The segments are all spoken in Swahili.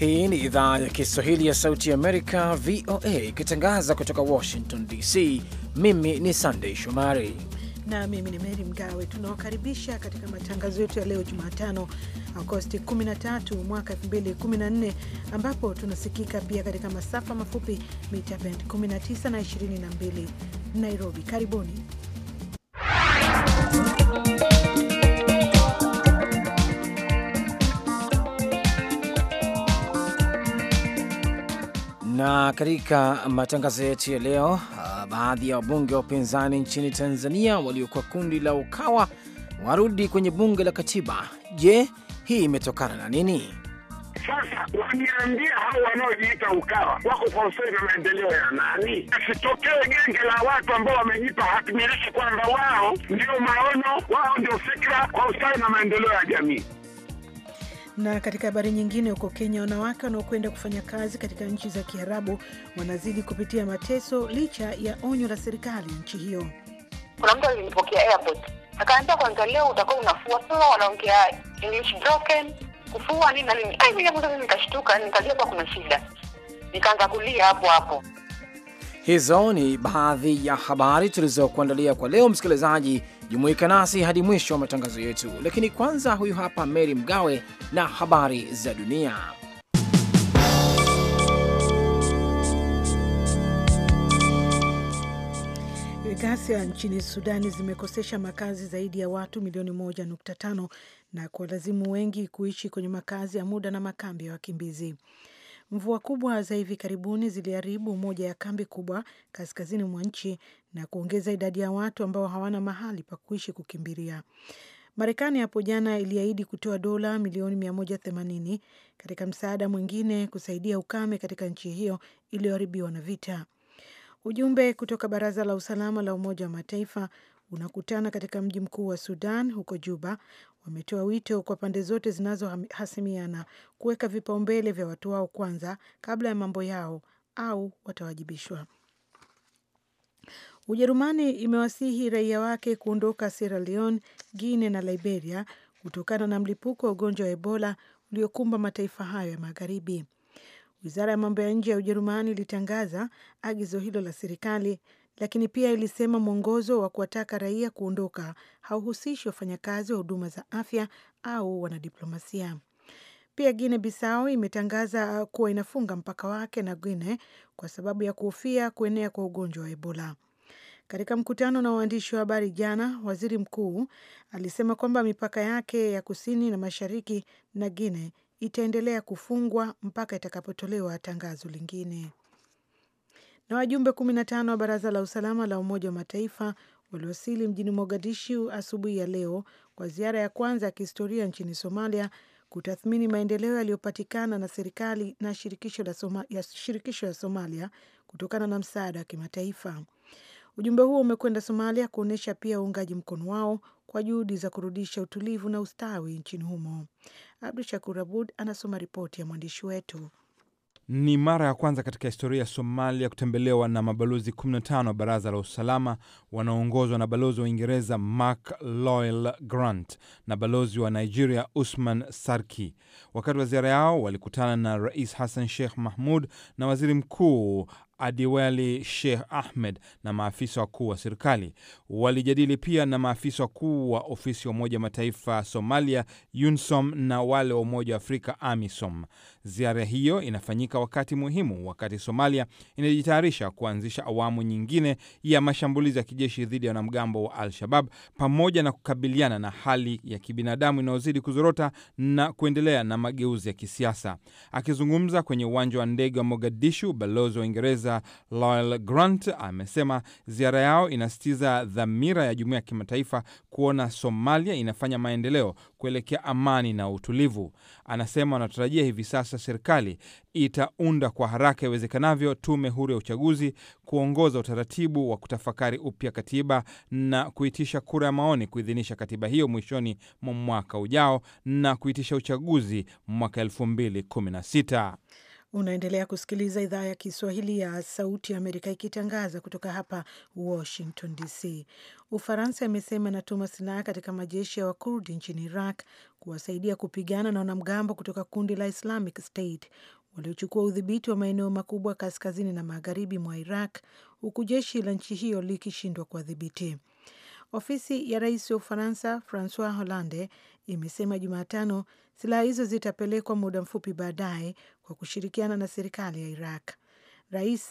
Hii ni idhaa ya Kiswahili ya Sauti ya Amerika, VOA, ikitangaza kutoka Washington DC. Mimi ni Sandei Shomari na mimi ni Meri Mgawe. Tunawakaribisha katika matangazo yetu ya leo Jumatano, Agosti 13 mwaka 2014, ambapo tunasikika pia katika masafa mafupi mita bend 19 na 22, Nairobi. Karibuni Na katika matangazo yetu ya leo, ah, baadhi ya wabunge wa upinzani nchini Tanzania waliokuwa kundi la Ukawa warudi kwenye bunge la katiba. Je, hii imetokana na nini? Sasa waniambia hao wanaojiita Ukawa wako kwa ustawi na maendeleo ya nani? Asitokee genge la watu ambao wamejipa hatimiliki kwamba wao ndio maono, wao ndio fikra kwa ustawi na maendeleo ya jamii. Na katika habari nyingine, huko Kenya, wanawake wanaokwenda kufanya kazi katika nchi za Kiarabu wanazidi kupitia mateso licha ya onyo la serikali nchi hiyo. Kuna mtu alinipokea airport akaambia, kwanza leo utakuwa unafua sua, wanaongea english broken, kufua nini na nini. Ai, nikashtuka, nikajua kuna shida, nikaanza kulia hapo hapo. Hizo ni baadhi ya habari tulizokuandalia kwa leo, msikilizaji Jumuika nasi hadi mwisho wa matangazo yetu, lakini kwanza, huyu hapa Meri Mgawe na habari za dunia. Ghasia nchini Sudani zimekosesha makazi zaidi ya watu milioni 15 nukta na kuwalazimu wengi kuishi kwenye makazi ya muda na makambi ya wakimbizi. Mvua kubwa za hivi karibuni ziliharibu moja ya kambi kubwa kaskazini mwa nchi na kuongeza idadi ya watu ambao hawana mahali pa kuishi kukimbilia. Marekani hapo jana iliahidi kutoa dola milioni 180 katika msaada mwingine kusaidia ukame katika nchi hiyo iliyoharibiwa na vita. Ujumbe kutoka Baraza la Usalama la Umoja wa Mataifa unakutana katika mji mkuu wa Sudan huko Juba, wametoa wito kwa pande zote zinazohasimiana kuweka vipaumbele vya watu wao kwanza kabla ya mambo yao au watawajibishwa. Ujerumani imewasihi raia wake kuondoka Sierra Leone, Guinea na Liberia kutokana na mlipuko wa ugonjwa wa Ebola uliokumba mataifa hayo ya magharibi. Wizara ya mambo ya nje ya Ujerumani ilitangaza agizo hilo la serikali lakini pia ilisema mwongozo wa kuwataka raia kuondoka hauhusishi wafanyakazi wa huduma za afya au wanadiplomasia. Pia guine bisau imetangaza kuwa inafunga mpaka wake na guine kwa sababu ya kuhofia kuenea kwa ugonjwa wa Ebola. Katika mkutano na waandishi wa habari jana, waziri mkuu alisema kwamba mipaka yake ya kusini na mashariki na guine itaendelea kufungwa mpaka itakapotolewa tangazo lingine na wajumbe 15 wa Baraza la Usalama la Umoja wa Mataifa waliwasili mjini Mogadishu asubuhi ya leo kwa ziara ya kwanza ya kihistoria nchini Somalia kutathmini maendeleo yaliyopatikana na serikali na shirikisho la Soma, ya shirikisho ya Somalia kutokana na msaada wa kimataifa. Ujumbe huo umekwenda Somalia kuonyesha pia uungaji mkono wao kwa juhudi za kurudisha utulivu na ustawi nchini humo. Abdu Shakur Abud anasoma ripoti ya mwandishi wetu. Ni mara ya kwanza katika historia ya Somalia kutembelewa na mabalozi 15 wa Baraza la Usalama wanaoongozwa na balozi wa Uingereza Mark Loyal Grant na balozi wa Nigeria Usman Sarki. Wakati wa ziara yao walikutana na Rais Hassan Sheikh Mahmud na Waziri Mkuu adiwali Sheikh Ahmed na maafisa wakuu wa serikali. Walijadili pia na maafisa wakuu wa ofisi ya Umoja Mataifa Somalia, UNSOM, na wale wa Umoja wa Afrika, AMISOM. Ziara hiyo inafanyika wakati muhimu, wakati Somalia inajitayarisha kuanzisha awamu nyingine ya mashambulizi ya kijeshi dhidi ya wanamgambo wa Al-Shabab pamoja na kukabiliana na hali ya kibinadamu inayozidi kuzorota na kuendelea na mageuzi ya kisiasa. Akizungumza kwenye uwanja wa ndege wa Mogadishu, balozi wa Uingereza Uingereza Lyle Grant amesema ziara yao inasitiza dhamira ya jumuiya ya kimataifa kuona Somalia inafanya maendeleo kuelekea amani na utulivu. Anasema wanatarajia hivi sasa serikali itaunda kwa haraka iwezekanavyo tume huru ya uchaguzi kuongoza utaratibu wa kutafakari upya katiba na kuitisha kura ya maoni kuidhinisha katiba hiyo mwishoni mwa mwaka ujao na kuitisha uchaguzi mwaka 2016. Unaendelea kusikiliza idhaa ya Kiswahili ya Sauti ya Amerika ikitangaza kutoka hapa Washington DC. Ufaransa imesema inatuma silaha katika majeshi ya Wakurdi nchini Iraq kuwasaidia kupigana na wanamgambo kutoka kundi la Islamic State waliochukua udhibiti wa maeneo makubwa kaskazini na magharibi mwa Iraq, huku jeshi la nchi hiyo likishindwa kuwadhibiti. Ofisi ya rais wa Ufaransa Francois Hollande imesema Jumatano silaha hizo zitapelekwa muda mfupi baadaye kwa kushirikiana na serikali ya Iraq. Rais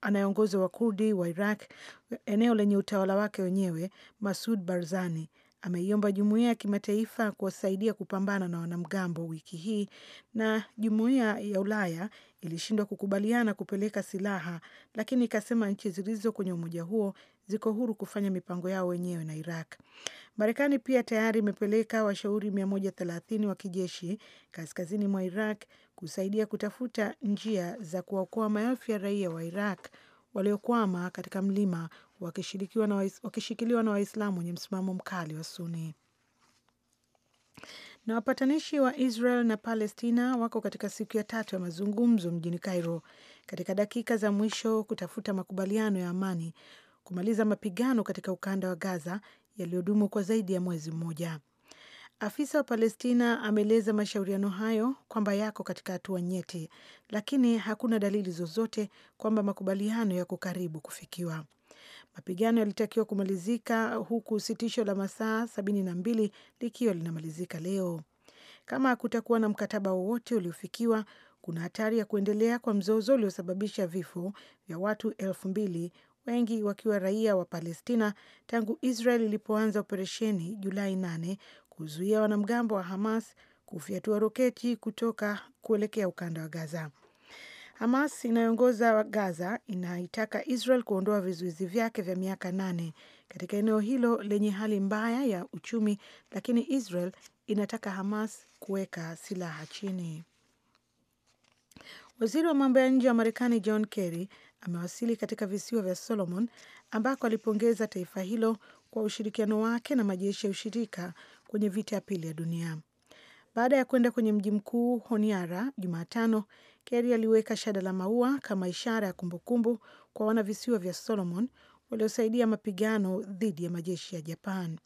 anayeongoza wa Wakurdi wa Iraq, eneo lenye utawala wake wenyewe, Masud Barzani, ameiomba jumuiya ya kimataifa kuwasaidia kupambana na wanamgambo wiki hii, na jumuiya ya Ulaya ilishindwa kukubaliana kupeleka silaha, lakini ikasema nchi zilizo kwenye umoja huo ziko huru kufanya mipango yao wenyewe na Iraq. Marekani pia tayari imepeleka washauri 130 wa kijeshi kaskazini mwa Iraq kusaidia kutafuta njia za kuwaokoa maelfu ya raia wa Iraq waliokwama katika mlima wakishikiliwa na Waislamu wenye msimamo mkali wa Suni. Na wapatanishi wa Israel na Palestina wako katika siku ya tatu ya mazungumzo mjini Cairo katika dakika za mwisho kutafuta makubaliano ya amani kumaliza mapigano katika ukanda wa Gaza yaliyodumu kwa zaidi ya mwezi mmoja. Afisa wa Palestina ameeleza mashauriano hayo kwamba yako katika hatua nyeti, lakini hakuna dalili zozote kwamba makubaliano yako karibu kufikiwa. Mapigano yalitakiwa kumalizika huku sitisho la masaa sabini na mbili likiwa linamalizika leo. Kama hakutakuwa na mkataba wowote uliofikiwa, kuna hatari ya kuendelea kwa mzozo uliosababisha vifo vya watu elfu mbili, wengi wakiwa raia wa Palestina, tangu Israel ilipoanza operesheni Julai 8 kuzuia wanamgambo wa Hamas kufyatua roketi kutoka kuelekea ukanda wa Gaza. Hamas inayoongoza Gaza inaitaka Israel kuondoa vizuizi vyake vya miaka nane katika eneo hilo lenye hali mbaya ya uchumi, lakini Israel inataka Hamas kuweka silaha chini. Waziri wa mambo ya nje wa Marekani John Kerry amewasili katika visiwa vya Solomon ambako alipongeza taifa hilo kwa ushirikiano wake na majeshi ya ushirika kwenye vita ya pili ya dunia. Baada ya kwenda kwenye mji mkuu Honiara Jumatano, Kerry aliweka shada la maua kama ishara ya kumbukumbu kwa wanavisiwa vya Solomon waliosaidia mapigano dhidi ya majeshi ya Japan.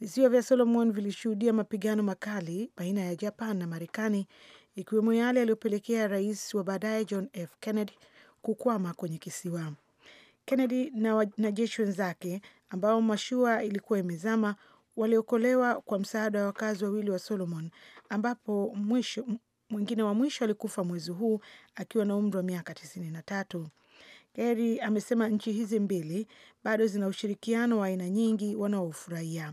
Visiwa vya Solomon vilishuhudia mapigano makali baina ya Japan na Marekani, ikiwemo yale yaliyopelekea rais wa baadaye John F. Kennedy kukwama kwenye kisiwa. Kennedy na jeshi wenzake ambao mashua ilikuwa imezama waliokolewa kwa msaada wa wakazi wawili wa Solomon, ambapo mwisho mwingine wa mwisho alikufa mwezi huu akiwa na umri wa miaka tisini na tatu. Kerry amesema nchi hizi mbili bado zina ushirikiano wa aina nyingi wanaofurahia.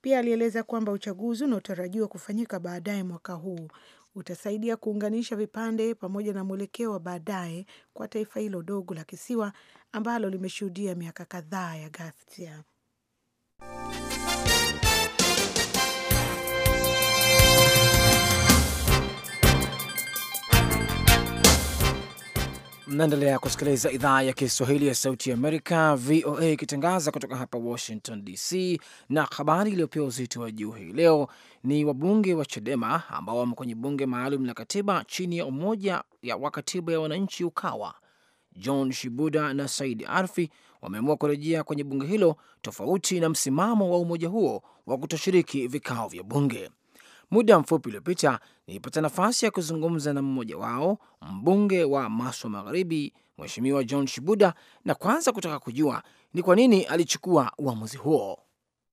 Pia alieleza kwamba uchaguzi unaotarajiwa kufanyika baadaye mwaka huu utasaidia kuunganisha vipande pamoja na mwelekeo wa baadaye kwa taifa hilo dogo la kisiwa ambalo limeshuhudia miaka kadhaa ya ghasia. Mnaendelea kusikiliza idhaa ya Kiswahili ya Sauti ya Amerika, VOA, ikitangaza kutoka hapa Washington DC. Na habari iliyopewa uzito wa juu hii leo ni wabunge wa CHADEMA ambao wamo kwenye bunge maalum la katiba chini ya Umoja wa Katiba ya Wananchi, UKAWA. John Shibuda na Saidi Arfi wameamua kurejea kwenye bunge hilo tofauti na msimamo wa umoja huo wa kutoshiriki vikao vya bunge. Muda mfupi uliopita nilipata nafasi ya kuzungumza na mmoja wao, mbunge wa Maswa Magharibi, Mheshimiwa John Shibuda, na kwanza kutaka kujua ni kwa nini alichukua uamuzi huo.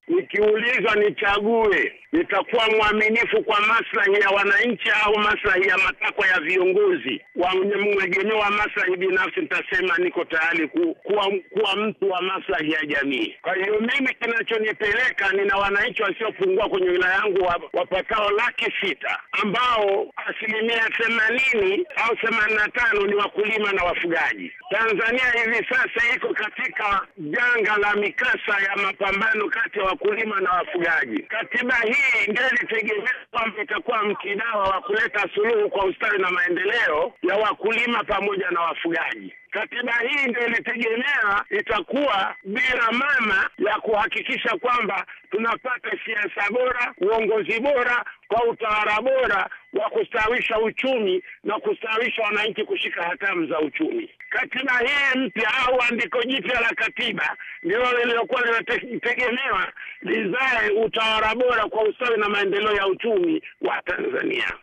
Nikiulizwa nichague, nitakuwa mwaminifu kwa maslahi ya wananchi au maslahi ya matakwa ya viongozi wa maslahi binafsi? Nitasema niko tayari ku, kuwa, kuwa mtu wa maslahi ya jamii. Kwa hiyo mimi kinachonipeleka, nina wananchi wasiopungua kwenye wilaya yangu wapatao laki sita ambao asilimia themanini au themanini na tano ni wakulima na wafugaji. Tanzania hivi sasa iko katika janga la mikasa ya mapambano kati ya wakulima na wafugaji. Katiba hii ndio ilitegemea kwamba itakuwa mkidawa wa kuleta suluhu kwa ustawi na maendeleo ya wakulima pamoja na wafugaji. Katiba hii ndio ilitegemea itakuwa bira mama ya kuhakikisha kwamba tunapata siasa bora, uongozi bora, kwa utawala bora wa kustawisha uchumi na kustawisha wananchi kushika hatamu za uchumi. Katiba hii mpya au andiko jipya la katiba ndilo lililokuwa linategemewa lizae utawala bora kwa ustawi na maendeleo ya uchumi wa Tanzania.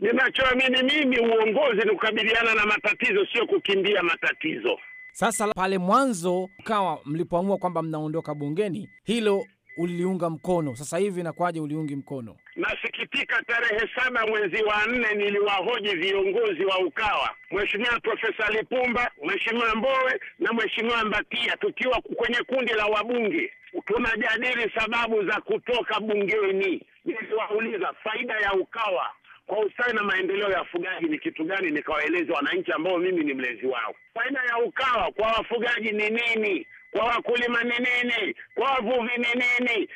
Ninachoamini mimi, uongozi ni kukabiliana na matatizo, sio kukimbia matatizo. Sasa pale mwanzo ukawa mlipoamua kwamba mnaondoka bungeni, hilo uliliunga mkono. Sasa hivi inakuwaje uliungi mkono? Nasikitika, tarehe saba mwezi wa nne niliwahoji viongozi wa Ukawa, mweshimiwa Profesa Lipumba, mweshimiwa Mbowe na mweshimiwa Mbatia, tukiwa kwenye kundi la wabunge, tunajadili sababu za kutoka bungeni. Niliwauliza faida ya Ukawa kwa ustawi na maendeleo ya ufugaji ni kitu gani, nikawaeleza wananchi ambao mimi ni mlezi wao. Faida ya UKAWA kwa wafugaji ni nini? Kwa wakulima ni nini? Kwa wavuvi ni nini?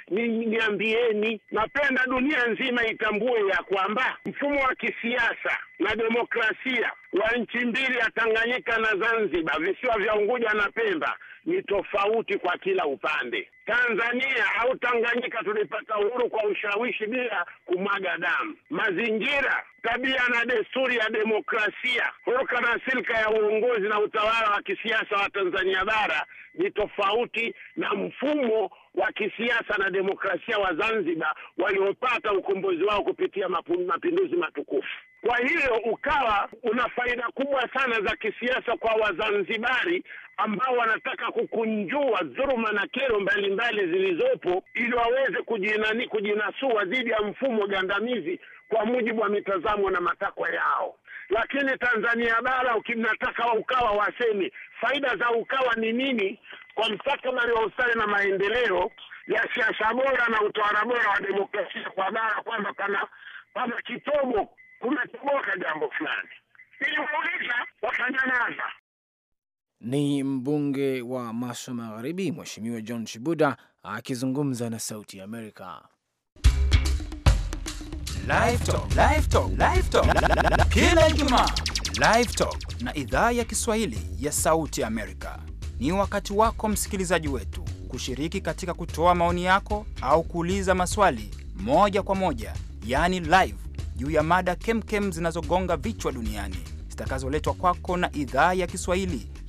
Niambieni. Napenda dunia nzima itambue ya kwamba mfumo wa kisiasa na demokrasia wa nchi mbili ya Tanganyika na Zanzibar, visiwa vya Unguja na Pemba ni tofauti kwa kila upande. Tanzania au Tanganyika tulipata uhuru kwa ushawishi bila kumwaga damu. Mazingira, tabia na desturi ya demokrasia, hulka na silka ya uongozi na utawala wa kisiasa wa Tanzania bara ni tofauti na mfumo wa kisiasa na demokrasia wa Zanzibar waliopata ukombozi wao kupitia mapinduzi matukufu. Kwa hiyo ukawa una faida kubwa sana za kisiasa kwa Wazanzibari ambao wanataka kukunjua dhuruma na kero mbalimbali zilizopo ili waweze kujinani kujinasua dhidi ya mfumo gandamizi kwa mujibu wa mitazamo na matakwa yao. Lakini Tanzania bara ukimnataka Ukawa waseme faida za Ukawa ni nini kwa mstakabali wa ustawi na maendeleo ya siasa bora na utawala bora wa demokrasia kwa bara, kwamba kana pana kitobo kumetoboka jambo fulani, kuuliza wakanyamaza. Ni mbunge wa Maswa Magharibi, Mheshimiwa John Shibuda akizungumza na Sauti ya Amerika. Kila Ijumaa Live Talk na idhaa ya Kiswahili ya Sauti ya Amerika ni wakati wako msikilizaji wetu kushiriki katika kutoa maoni yako au kuuliza maswali moja kwa moja, yaani live, juu ya mada kemkem zinazogonga vichwa duniani zitakazoletwa kwako na idhaa ya Kiswahili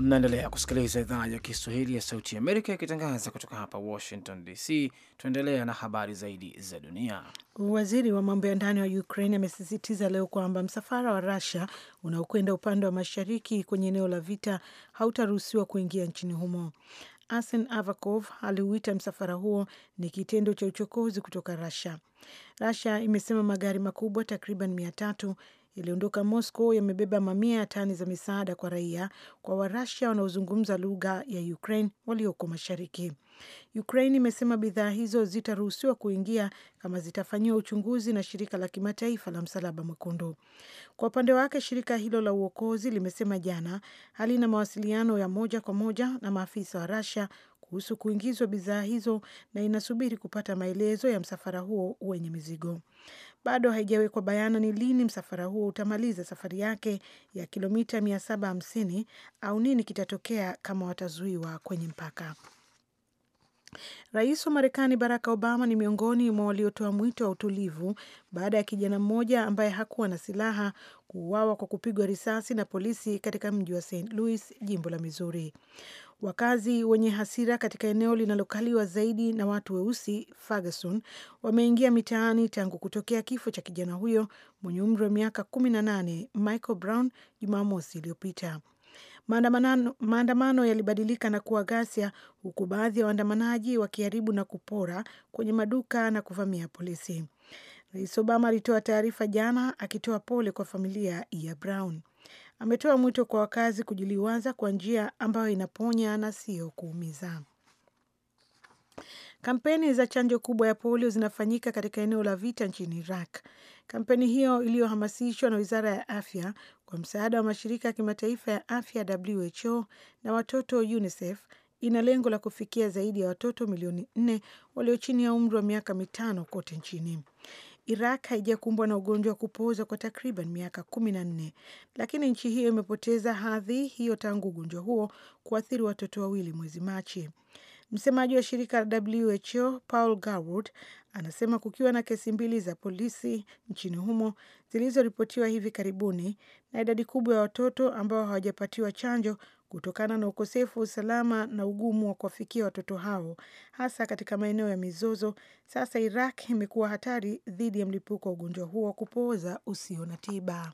Mnaendelea kusikiliza idhaa ya Kiswahili ya Sauti Amerika ikitangaza kutoka hapa Washington DC. Tuendelea na habari zaidi za dunia. Waziri wa mambo ya ndani wa Ukraine amesisitiza leo kwamba msafara wa rasia unaokwenda upande wa mashariki kwenye eneo la vita hautaruhusiwa kuingia nchini humo. Arsen Avakov aliuita msafara huo ni kitendo cha uchokozi kutoka rasia rasia imesema magari makubwa takriban mia tatu yaliondoka Moscow yamebeba mamia ya tani za misaada kwa raia kwa Warusia wanaozungumza lugha ya Ukraine walioko mashariki. Ukraine imesema bidhaa hizo zitaruhusiwa kuingia kama zitafanyiwa uchunguzi na shirika la kimataifa la Msalaba Mwekundu. Kwa upande wake, shirika hilo la uokozi limesema jana halina mawasiliano ya moja kwa moja na maafisa wa Russia kuhusu kuingizwa bidhaa hizo na inasubiri kupata maelezo ya msafara huo wenye mizigo bado haijawekwa bayana ni lini msafara huo utamaliza safari yake ya kilomita 750 au nini kitatokea kama watazuiwa kwenye mpaka. Rais wa Marekani Barack Obama ni miongoni mwa waliotoa mwito wa utulivu baada ya kijana mmoja ambaye hakuwa na silaha kuuawa kwa kupigwa risasi na polisi katika mji wa St. Louis, jimbo la Missouri. Wakazi wenye hasira katika eneo linalokaliwa zaidi na watu weusi Ferguson wameingia mitaani tangu kutokea kifo cha kijana huyo mwenye umri wa miaka 18 Michael Brown Jumamosi iliyopita. Maandamano yalibadilika na kuwa ghasia huku baadhi ya waandamanaji wakiharibu na kupora kwenye maduka na kuvamia polisi. Rais Obama alitoa taarifa jana akitoa pole kwa familia ya Brown. Ametoa mwito kwa wakazi kujiliwaza kwa njia ambayo inaponya na sio kuumiza. Kampeni za chanjo kubwa ya polio zinafanyika katika eneo la vita nchini Iraq. Kampeni hiyo iliyohamasishwa na Wizara ya Afya kwa msaada wa mashirika ya kimataifa ya afya WHO na watoto UNICEF ina lengo la kufikia zaidi ya watoto milioni nne walio chini ya umri wa miaka mitano kote nchini. Iraq haijakumbwa na ugonjwa wa kupooza kwa takriban miaka kumi na nne, lakini nchi hiyo imepoteza hadhi hiyo tangu ugonjwa huo kuathiri watoto wawili mwezi Machi. Msemaji wa shirika la WHO Paul Garwood anasema kukiwa na kesi mbili za polisi nchini humo zilizoripotiwa hivi karibuni na idadi kubwa ya watoto ambao hawajapatiwa chanjo kutokana na ukosefu wa usalama na ugumu wa kuwafikia watoto hao hasa katika maeneo ya mizozo. Sasa Iraq imekuwa hatari dhidi ya mlipuko wa ugonjwa huo wa kupooza usio na tiba.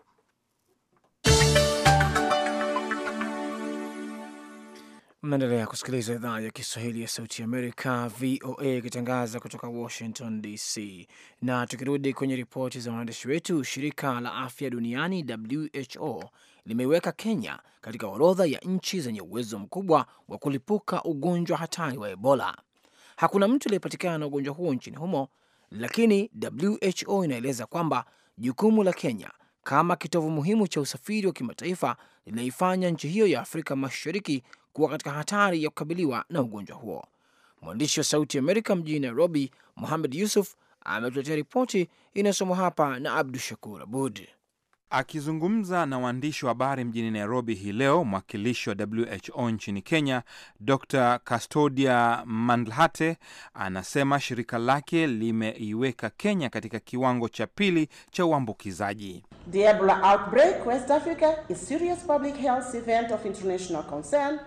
Mnaendelea kusikiliza idhaa ya Kiswahili ya Sauti Amerika, VOA, ikitangaza kutoka Washington DC. Na tukirudi kwenye ripoti za waandishi wetu, shirika la afya duniani WHO limeiweka Kenya katika orodha ya nchi zenye uwezo mkubwa wa kulipuka ugonjwa hatari wa Ebola. Hakuna mtu aliyepatikana na ugonjwa huo nchini humo, lakini WHO inaeleza kwamba jukumu la Kenya kama kitovu muhimu cha usafiri wa kimataifa linaifanya nchi hiyo ya Afrika Mashariki kuwa katika hatari ya kukabiliwa na ugonjwa huo. Mwandishi wa Sauti Amerika mjini Nairobi, Muhamed Yusuf ametuletea ripoti inayosomwa hapa na Abdu Shakur Abud. Akizungumza na waandishi wa habari mjini Nairobi hii leo, mwakilishi wa WHO nchini Kenya Dr Castodia Mandlhate anasema shirika lake limeiweka Kenya katika kiwango cha pili cha uambukizaji. The Ebola outbreak West Africa is serious public health event of international concern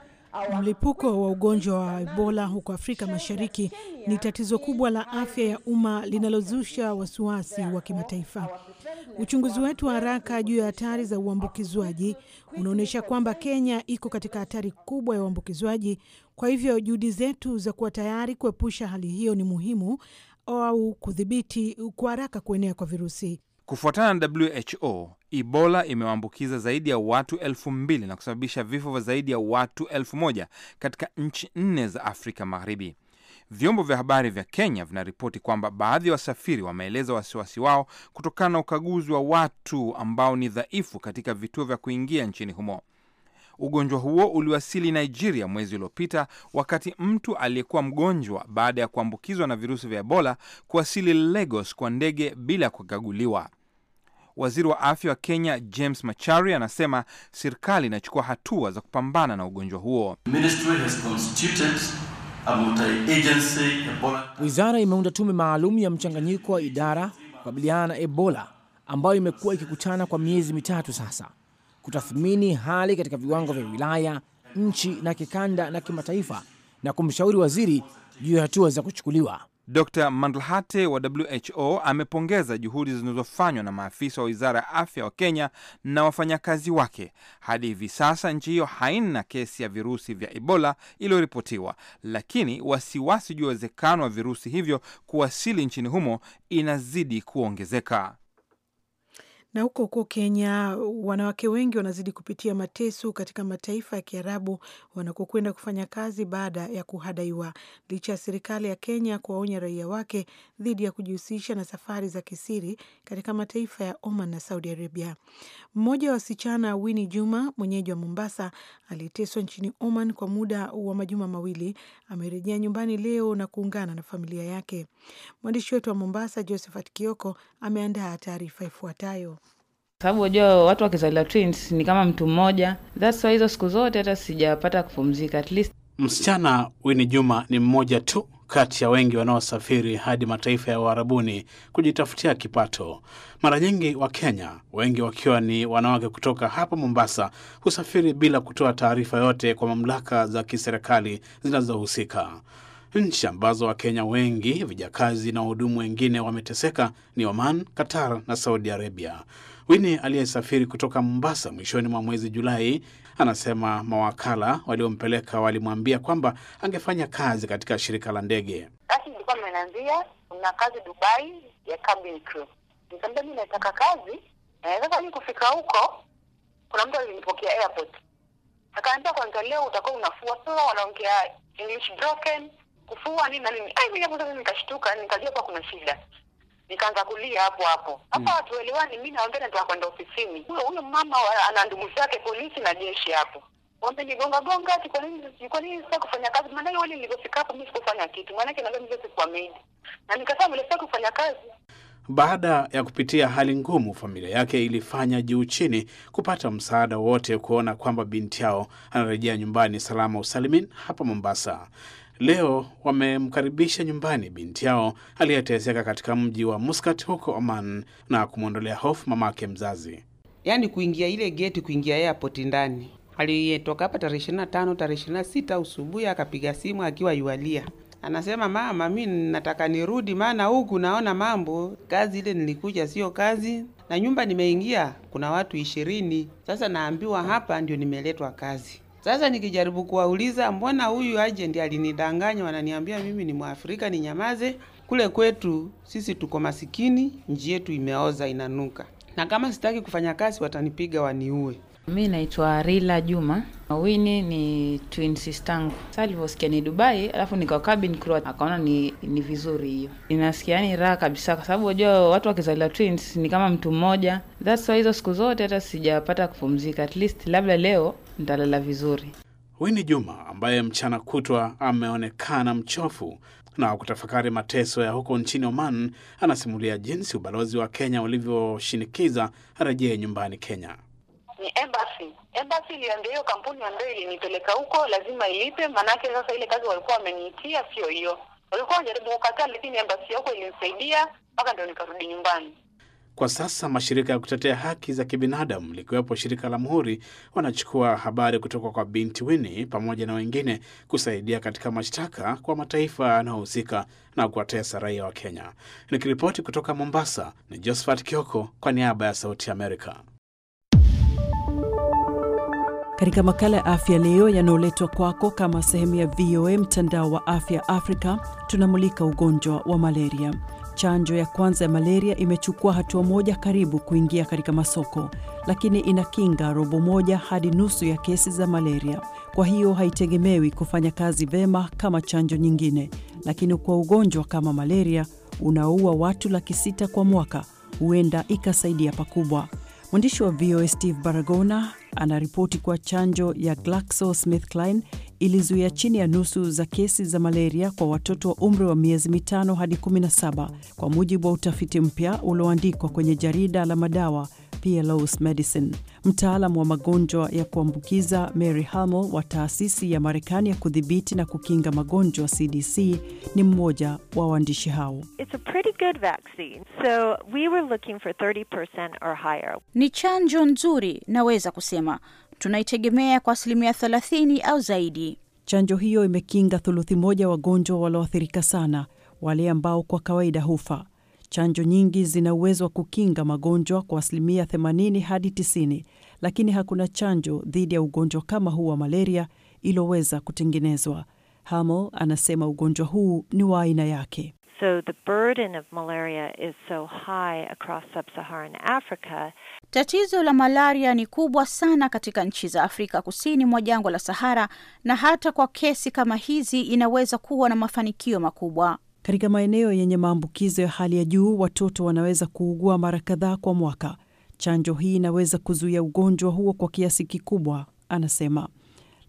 Mlipuko wa ugonjwa wa Ebola huko Afrika Mashariki ni tatizo kubwa la afya ya umma linalozusha wasiwasi wa kimataifa. Uchunguzi wetu wa haraka juu ya hatari za uambukizwaji unaonyesha kwamba Kenya iko katika hatari kubwa ya uambukizwaji. Kwa hivyo juhudi zetu za kuwa tayari kuepusha hali hiyo ni muhimu au kudhibiti kwa haraka kuenea kwa virusi. Kufuatana na WHO, Ebola imewaambukiza zaidi ya watu elfu mbili na kusababisha vifo vya zaidi ya watu elfu moja katika nchi nne za Afrika Magharibi. Vyombo vya habari vya Kenya vinaripoti kwamba baadhi ya wasafiri wameeleza wasiwasi wao kutokana na ukaguzi wa watu ambao ni dhaifu katika vituo vya kuingia nchini humo. Ugonjwa huo uliwasili Nigeria mwezi uliopita, wakati mtu aliyekuwa mgonjwa baada ya kuambukizwa na virusi vya Ebola kuwasili Lagos kwa ndege bila kukaguliwa. Waziri wa afya wa Kenya James Macharia anasema serikali inachukua hatua za kupambana na ugonjwa huo. Wizara imeunda tume maalum ya mchanganyiko wa idara kukabiliana na Ebola ambayo imekuwa ikikutana kwa miezi mitatu sasa kutathmini hali katika viwango vya wilaya, nchi na kikanda na kimataifa na kumshauri waziri juu ya hatua za kuchukuliwa. Dr Mandlhate wa WHO amepongeza juhudi zinazofanywa na maafisa wa wizara ya afya wa Kenya na wafanyakazi wake. Hadi hivi sasa nchi hiyo haina kesi ya virusi vya Ebola iliyoripotiwa, lakini wasiwasi juu ya uwezekano wa virusi hivyo kuwasili nchini humo inazidi kuongezeka. Na huko huko Kenya, wanawake wengi wanazidi kupitia mateso katika mataifa ya Kiarabu wanakokwenda kufanya kazi baada ya kuhadaiwa, licha ya serikali ya Kenya kuwaonya raia wake dhidi ya kujihusisha na safari za kisiri katika mataifa ya Oman na Saudi Arabia. Mmoja wa wasichana, Wini Juma, mwenyeji wa Mombasa, aliyeteswa nchini Oman kwa muda wa majuma mawili, amerejea nyumbani leo na kuungana na familia yake. Mwandishi wetu wa Mombasa, Josephat Kioko, ameandaa taarifa ifuatayo sababu wajua watu wakizalia twins ni kama mtu mmoja. That's why hizo siku zote hata sijapata kupumzika. At least msichana Wini Juma ni mmoja tu kati ya wengi wanaosafiri hadi mataifa ya uharabuni kujitafutia kipato. Mara nyingi Wakenya, wengi wakiwa ni wanawake kutoka hapa Mombasa, husafiri bila kutoa taarifa yote kwa mamlaka za kiserikali zinazohusika. Nchi ambazo Wakenya wengi, vijakazi na wahudumu wengine wameteseka ni Oman, Qatar na Saudi Arabia. Wini aliyesafiri kutoka Mombasa mwishoni mwa mwezi Julai anasema mawakala waliompeleka walimwambia kwamba angefanya kazi katika shirika la ndege. Basi nilikuwa nimeanzia na kazi Dubai ya cabin crew, nikamwambia mimi nataka kazi eh, sasa. Mimi kufika huko, kuna mtu alinipokea airport akaambia, kwanza leo utakuwa unafua pia, wanaongea English broken kufua nini na nini. Ai, mimi nikashtuka, nikajua kwa kuna shida nikaanza kulia hapo hapo hmm. hapa, mm. elewani. Mimi naambia nataka kwenda ofisini, huyo huyo mama ana ndugu zake polisi na jeshi hapo wamenigonga gonga ati kwa nini kwa nini sasa kufanya kazi? Maana yule nilipofika hapo mimi sikufanya kitu, maana yake naambia mzee sikuwa made, na nikasema mimi kufanya kazi. Baada ya kupitia hali ngumu, familia yake ilifanya juu chini kupata msaada wote, kuona kwamba binti yao anarejea nyumbani salama usalimin hapa Mombasa leo wamemkaribisha nyumbani binti yao aliyeteseka katika mji wa Muscat huko Oman na kumwondolea hofu mamake mzazi. Yaani kuingia ile geti, kuingia airport ndani, aliyetoka hapa tarehe ishirini na tano tarehe ishirini na sita usubuhi akapiga simu akiwa yualia anasema mama, mi nataka nirudi, maana huku naona mambo, kazi ile nilikuja sio kazi, na nyumba nimeingia kuna watu ishirini. Sasa naambiwa hapa ndio nimeletwa kazi. Sasa nikijaribu kuwauliza, mbona huyu agent alinidanganya, wananiambia mimi ni Mwafrika ni nyamaze. Kule kwetu sisi tuko masikini, nchi yetu imeoza inanuka, na kama sitaki kufanya kazi watanipiga waniue. Mi naitwa Rila Juma. Wini ni twin sister yangu. alivyosikia ni Dubai, alafu nikawa cabin crew, akaona ni ni vizuri hiyo. Inasikia ni raha kabisa kwa sababu unajua watu wakizalia twins ni kama mtu mmoja. That's why hizo siku zote hata sijapata kupumzika. At least labda leo nitalala vizuri. Wini Juma ambaye mchana kutwa ameonekana mchofu na kutafakari mateso ya huko nchini Oman, anasimulia jinsi ubalozi wa Kenya ulivyoshinikiza arejee nyumbani Kenya ni embassy. Embassy ndio hiyo kampuni ambayo ilinipeleka huko, lazima ilipe, maanake sasa ile kazi walikuwa wameniitia sio hiyo. Walikuwa wanajaribu kukataa, lakini embassy yako ilinisaidia mpaka ndio nikarudi nyumbani. Kwa sasa mashirika ya kutetea haki za kibinadamu likiwepo shirika la Muhuri wanachukua habari kutoka kwa binti wini pamoja na wengine kusaidia katika mashtaka kwa mataifa yanayohusika na kuwatesa raia wa Kenya. Nikiripoti kutoka Mombasa ni Josephat Kioko kwa niaba ya Sauti Amerika katika makala ya afya leo yanayoletwa kwako kama sehemu ya VOA mtandao wa afya Afrika, tunamulika ugonjwa wa malaria. Chanjo ya kwanza ya malaria imechukua hatua moja karibu kuingia katika masoko, lakini inakinga robo moja hadi nusu ya kesi za malaria. Kwa hiyo haitegemewi kufanya kazi vema kama chanjo nyingine, lakini kwa ugonjwa kama malaria unaoua watu laki sita kwa mwaka, huenda ikasaidia pakubwa. Mwandishi wa VOA Steve Baragona anaripoti kuwa chanjo ya GlaxoSmithKline ilizuia chini ya nusu za kesi za malaria kwa watoto wa umri wa miezi mitano hadi 17 kwa mujibu wa utafiti mpya ulioandikwa kwenye jarida la madawa PLOS Medicine. Mtaalam wa magonjwa ya kuambukiza Mary Hamel wa taasisi ya Marekani ya kudhibiti na kukinga magonjwa CDC ni mmoja wa waandishi hao. So we were looking for 30% or higher. Ni chanjo nzuri, naweza kusema tunaitegemea kwa asilimia 30 au zaidi. Chanjo hiyo imekinga thuluthi moja wagonjwa walioathirika sana, wale ambao kwa kawaida hufa. Chanjo nyingi zina uwezo wa kukinga magonjwa kwa asilimia 80 hadi 90, lakini hakuna chanjo dhidi ya ugonjwa kama huu wa malaria iliyoweza kutengenezwa. Hamo anasema ugonjwa huu ni wa aina yake. So the burden of malaria is so high across sub-Saharan Africa. Tatizo la malaria ni kubwa sana katika nchi za Afrika Kusini mwa jangwa la Sahara na hata kwa kesi kama hizi inaweza kuwa na mafanikio makubwa. Katika maeneo yenye maambukizo ya hali ya juu, watoto wanaweza kuugua mara kadhaa kwa mwaka. Chanjo hii inaweza kuzuia ugonjwa huo kwa kiasi kikubwa, anasema,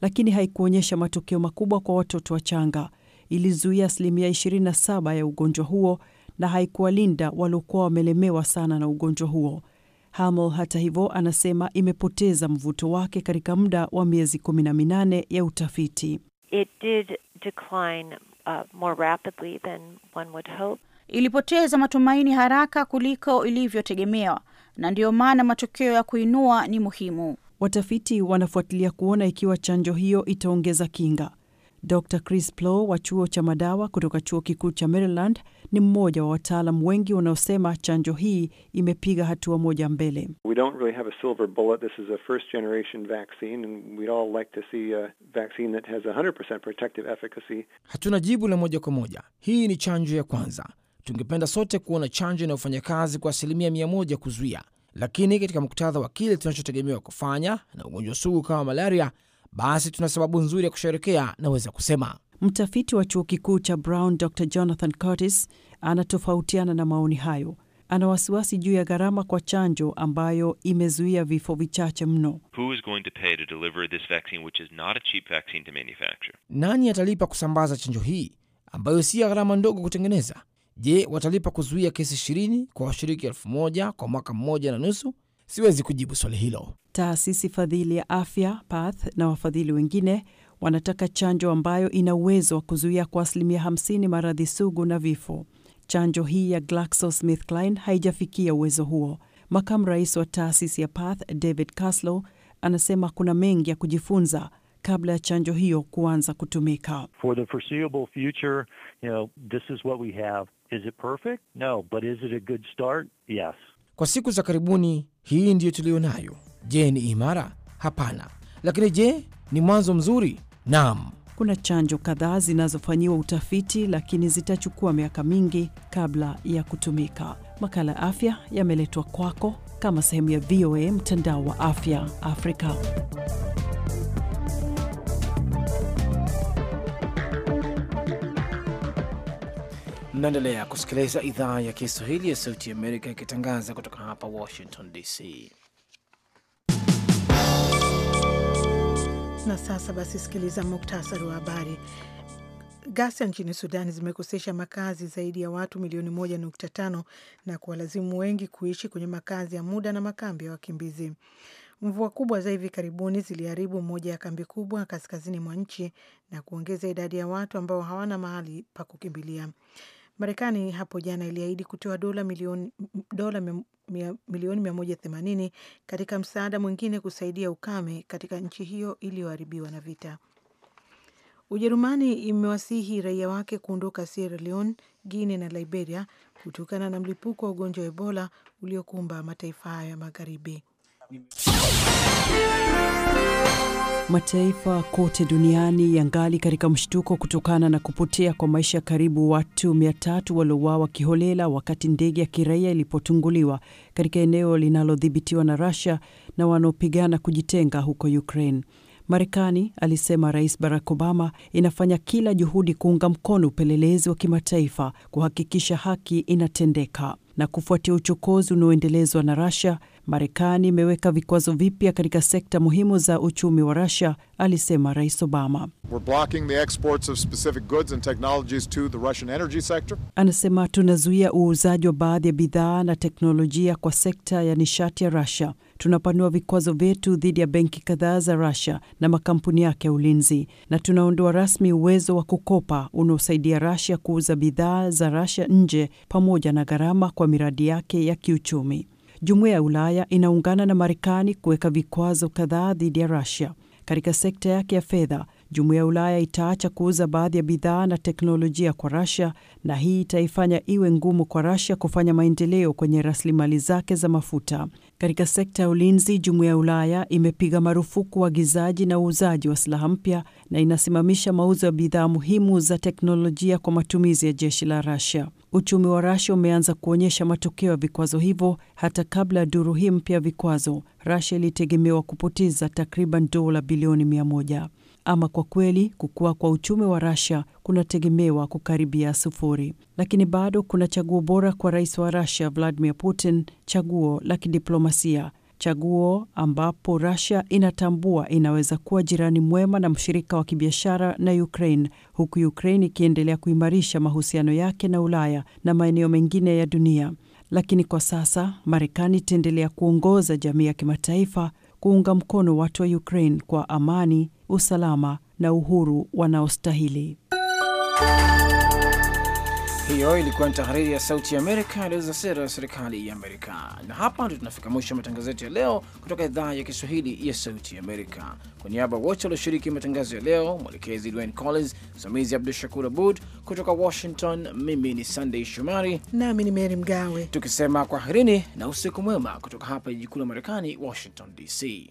lakini haikuonyesha matokeo makubwa kwa watoto wachanga. Ilizuia asilimia 27 ya ugonjwa huo na haikuwalinda waliokuwa wamelemewa sana na ugonjwa huo. Hamel hata hivyo, anasema imepoteza mvuto wake katika muda wa miezi 18 ya utafiti. It did decline uh, more rapidly than one would hope. Ilipoteza matumaini haraka kuliko ilivyotegemewa, na ndiyo maana matokeo ya kuinua ni muhimu. Watafiti wanafuatilia kuona ikiwa chanjo hiyo itaongeza kinga. Dr Chris Plow wa chuo cha madawa kutoka chuo kikuu cha Maryland ni mmoja wa wataalam wengi wanaosema chanjo hii imepiga hatua moja mbele. Really, hatuna jibu la moja kwa moja. Hii ni chanjo ya kwanza. Tungependa sote kuona chanjo inayofanya kazi kwa asilimia mia moja kuzuia, lakini katika muktadha wa kile tunachotegemewa kufanya na ugonjwa sugu kama malaria basi tuna sababu nzuri ya kusherekea, naweza kusema. Mtafiti wa chuo kikuu cha Brown Dr Jonathan Curtis anatofautiana na maoni hayo. Ana wasiwasi juu ya gharama kwa chanjo ambayo imezuia vifo vichache mno. Nani atalipa kusambaza chanjo hii ambayo si ya gharama ndogo kutengeneza? Je, watalipa kuzuia kesi ishirini kwa washiriki elfu moja kwa mwaka mmoja na nusu? siwezi kujibu swali hilo. Taasisi fadhili ya afya PATH na wafadhili wengine wanataka chanjo ambayo ina uwezo wa kuzuia kwa asilimia 50 maradhi sugu na vifo. Chanjo hii ya GlaxoSmithKline haijafikia uwezo huo. Makamu rais wa taasisi ya PATH David Caslow anasema kuna mengi ya kujifunza kabla ya chanjo hiyo kuanza kutumika. For the foreseeable future, you know, this is what we have. Is it perfect? No, but is it a good start? Yes. Kwa siku za karibuni hii ndiyo tuliyo nayo. Je, ni imara? Hapana. Lakini je, ni mwanzo mzuri? nam Kuna chanjo kadhaa zinazofanyiwa utafiti, lakini zitachukua miaka mingi kabla ya kutumika. Makala ya afya yameletwa kwako kama sehemu ya VOA mtandao wa afya Afrika. Mnaendelea kusikiliza idhaa ya Kiswahili ya Sauti ya Amerika ikitangaza kutoka hapa Washington DC. Na sasa basi, sikiliza muktasari wa habari. Ghasia nchini Sudani zimekosesha makazi zaidi ya watu milioni moja nukta tano na kuwalazimu wengi kuishi kwenye makazi ya muda na makambi ya wakimbizi. Mvua kubwa za hivi karibuni ziliharibu moja ya kambi kubwa kaskazini mwa nchi na kuongeza idadi ya watu ambao hawana mahali pa kukimbilia. Marekani hapo jana iliahidi kutoa dola milioni dola milioni 180 katika msaada mwingine kusaidia ukame katika nchi hiyo iliyoharibiwa na vita. Ujerumani imewasihi raia wake kuondoka Sierra Leone, Guinea na Liberia kutokana na mlipuko wa ugonjwa wa Ebola uliokumba mataifa hayo ya magharibi. Mataifa kote duniani yangali katika mshtuko kutokana na kupotea kwa maisha karibu watu 300 waliouawa kiholela wakati ndege ya kiraia ilipotunguliwa katika eneo linalodhibitiwa na Russia na wanaopigana kujitenga huko Ukraine. Marekani, alisema Rais Barack Obama, inafanya kila juhudi kuunga mkono upelelezi wa kimataifa kuhakikisha haki inatendeka na kufuatia uchokozi unaoendelezwa na Rasia, Marekani imeweka vikwazo vipya katika sekta muhimu za uchumi wa Rasia, alisema Rais Obama. Anasema tunazuia uuzaji wa baadhi ya bidhaa na teknolojia kwa sekta ya nishati ya Russia tunapanua vikwazo vyetu dhidi ya benki kadhaa za rasia na makampuni yake ya ulinzi, na tunaondoa rasmi uwezo wa kukopa unaosaidia rasia kuuza bidhaa za Russia nje, pamoja na gharama kwa miradi yake ya kiuchumi. Jumuiya ya Ulaya inaungana na Marekani kuweka vikwazo kadhaa dhidi ya rusia katika sekta yake ya fedha. Jumuiya ya Ulaya itaacha kuuza baadhi ya bidhaa na teknolojia kwa Russia na hii itaifanya iwe ngumu kwa rasia kufanya maendeleo kwenye rasilimali zake za mafuta. Katika sekta ya ulinzi, jumuiya ya Ulaya imepiga marufuku uagizaji na uuzaji wa silaha mpya na inasimamisha mauzo ya bidhaa muhimu za teknolojia kwa matumizi ya jeshi la Rasia. Uchumi wa Rasia umeanza kuonyesha matokeo ya vikwazo hivyo. Hata kabla ya duru hii mpya ya vikwazo, Rasia ilitegemewa kupoteza takriban dola bilioni mia moja. Ama kwa kweli kukua kwa uchumi wa rasia kunategemewa kukaribia sufuri, lakini bado kuna chaguo bora kwa rais wa rasia Vladimir Putin, chaguo la kidiplomasia, chaguo ambapo rasia inatambua inaweza kuwa jirani mwema na mshirika wa kibiashara na Ukraine, huku Ukraine ikiendelea kuimarisha mahusiano yake na Ulaya na maeneo mengine ya dunia. Lakini kwa sasa Marekani itaendelea kuongoza jamii ya kimataifa kuunga mkono watu wa Ukraine kwa amani, usalama na uhuru wanaostahili. Hiyo ilikuwa ni tahariri ya Sauti ya Amerika, ilieleza sera ya serikali ya Amerika. Na hapa ndio tunafika mwisho matangazo yetu ya leo kutoka idhaa ya Kiswahili ya Sauti ya Amerika. Kwa niaba wote walioshiriki matangazo ya leo, mwelekezi Dwayne Collins, msimamizi Abdu Shakur Abud kutoka Washington, mimi ni Sandey Shomari nami ni mary Mgawe, tukisema kwaherini na usiku mwema kutoka hapa jiji kuu la Marekani, Washington DC.